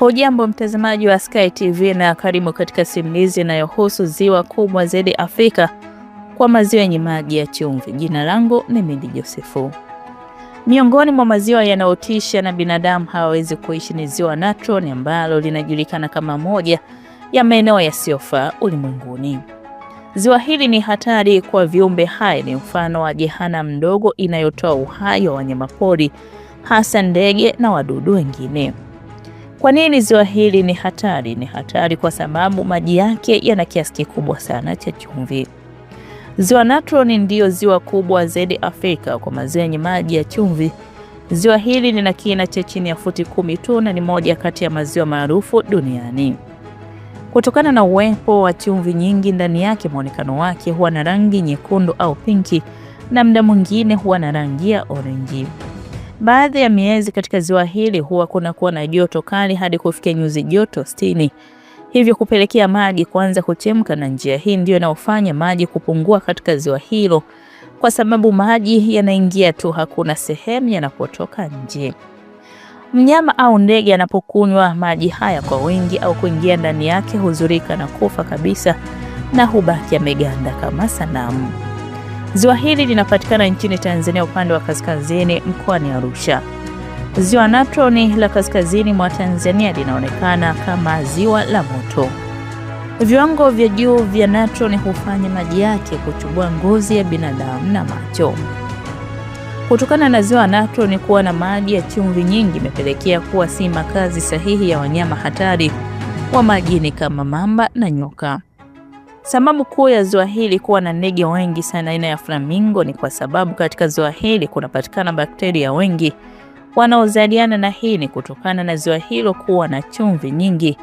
Hujambo mtazamaji wa Sky TV na karibu katika simulizi inayohusu ziwa kubwa zaidi Afrika kwa maziwa yenye maji ya chumvi. Jina langu ni Mindi Josefu. Miongoni mwa maziwa yanayotisha na binadamu hawawezi kuishi ni ziwa Natron ambalo linajulikana kama moja ya maeneo yasiyofaa ulimwenguni. Ziwa hili ni hatari kwa viumbe hai, ni mfano wa jehana mdogo inayotoa uhai wa wanyamapori, hasa ndege na wadudu wengine. Kwa nini ziwa hili ni hatari? Ni hatari kwa sababu maji yake yana kiasi kikubwa sana cha chumvi. Ziwa Natron ndiyo ziwa kubwa zaidi Afrika kwa maziwa yenye maji ya chumvi. Ziwa hili lina kina cha chini ya futi kumi tu na ni moja kati ya maziwa maarufu duniani. Kutokana na uwepo wa chumvi nyingi ndani yake, mwonekano wake huwa na rangi nyekundu au pinki na muda mwingine huwa na rangi ya orenji. Baadhi ya miezi katika ziwa hili huwa kuna kuwa na joto kali hadi kufikia nyuzi joto sitini, hivyo kupelekea maji kuanza kuchemka, na njia hii ndio inayofanya maji kupungua katika ziwa hilo, kwa sababu maji yanaingia tu, hakuna sehemu yanapotoka nje. Mnyama au ndege anapokunywa maji haya kwa wingi au kuingia ndani yake huzurika na kufa kabisa na hubaki ameganda kama sanamu. Ziwa hili linapatikana nchini Tanzania upande wa kaskazini mkoani Arusha. Ziwa Natroni la kaskazini mwa Tanzania linaonekana kama ziwa la moto. Viwango vya juu vya natroni hufanya maji yake kuchubua ngozi ya binadamu na macho. Kutokana na ziwa natroni kuwa na maji ya chumvi nyingi, imepelekea kuwa si makazi sahihi ya wanyama hatari wa majini kama mamba na nyoka. Sababu kuu ya ziwa hili kuwa na ndege wengi sana aina ya flamingo ni kwa sababu katika ziwa hili kunapatikana bakteria wengi wanaozaliana, na hii ni kutokana na ziwa hilo kuwa na chumvi nyingi,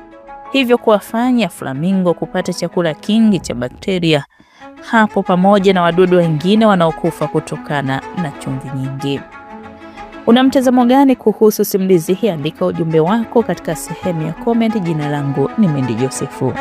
hivyo kuwafanya flamingo kupata chakula kingi cha bakteria hapo pamoja na wadudu wengine wanaokufa kutokana na chumvi nyingi. Una mtazamo gani kuhusu simulizi hii? Andika ujumbe wako katika sehemu ya comment. Jina langu ni Mendi Josefu.